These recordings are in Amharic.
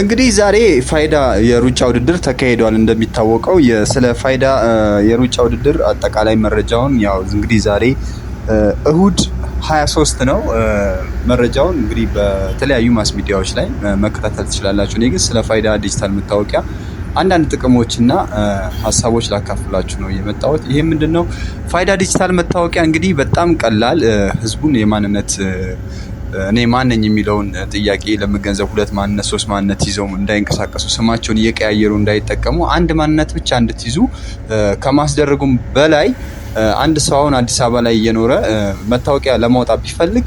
እንግዲህ ዛሬ ፋይዳ የሩጫ ውድድር ተካሂዷል። እንደሚታወቀው ስለ ፋይዳ የሩጫ ውድድር አጠቃላይ መረጃውን ያው እንግዲህ ዛሬ እሁድ 23 ነው። መረጃውን እንግዲህ በተለያዩ ማስ ሚዲያዎች ላይ መከታተል ትችላላችሁ። እኔ ግን ስለ ፋይዳ ዲጂታል መታወቂያ አንዳንድ ጥቅሞችና ሀሳቦች ላካፍላችሁ ነው የመጣሁት። ይሄ ምንድን ነው? ፋይዳ ዲጂታል መታወቂያ እንግዲህ በጣም ቀላል ህዝቡን የማንነት እኔ ማነኝ የሚለውን ጥያቄ ለመገንዘብ ሁለት ማንነት ሶስት ማንነት ይዘው እንዳይንቀሳቀሱ ስማቸውን እየቀያየሩ እንዳይጠቀሙ አንድ ማንነት ብቻ እንድትይዙ ከማስደረጉም በላይ አንድ ሰው አሁን አዲስ አበባ ላይ እየኖረ መታወቂያ ለማውጣት ቢፈልግ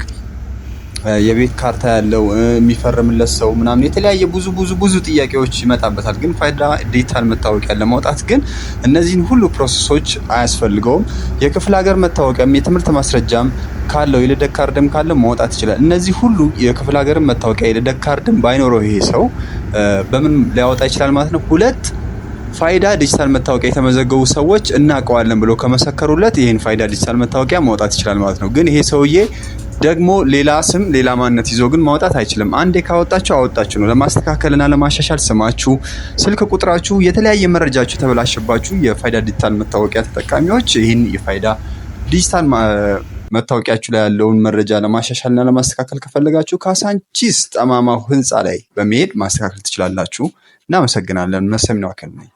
የቤት ካርታ ያለው የሚፈርምለት ሰው ምናምን የተለያየ ብዙ ብዙ ብዙ ጥያቄዎች ይመጣበታል። ግን ፋይዳ ዲጂታል መታወቂያ ለማውጣት ግን እነዚህን ሁሉ ፕሮሰሶች አያስፈልገውም። የክፍለ ሀገር መታወቂያም የትምህርት ማስረጃም ካለው የልደት ካርድም ካለ መውጣት ይችላል። እነዚህ ሁሉ የክፍለ ሀገር መታወቂያ የልደት ካርድም ባይኖረው ይሄ ሰው በምን ሊያወጣ ይችላል ማለት ነው። ሁለት ፋይዳ ዲጂታል መታወቂያ የተመዘገቡ ሰዎች እናውቀዋለን ብሎ ከመሰከሩለት ይህን ፋይዳ ዲጂታል መታወቂያ ማውጣት ይችላል ማለት ነው። ግን ይሄ ሰውዬ ደግሞ ሌላ ስም ሌላ ማንነት ይዞ ግን ማውጣት አይችልም። አንዴ ካወጣችሁ አወጣችሁ ነው። ለማስተካከልና ለማሻሻል ስማችሁ፣ ስልክ ቁጥራችሁ፣ የተለያየ መረጃችሁ የተበላሸባችሁ የፋይዳ ዲጂታል መታወቂያ ተጠቃሚዎች ይህን የፋይዳ ዲጂታል መታወቂያችሁ ላይ ያለውን መረጃ ለማሻሻልና ለማስተካከል ከፈለጋችሁ ካሳንቺስ ጠማማው ህንፃ ላይ በመሄድ ማስተካከል ትችላላችሁ። እናመሰግናለን። መሰሚነው አካል ነኝ።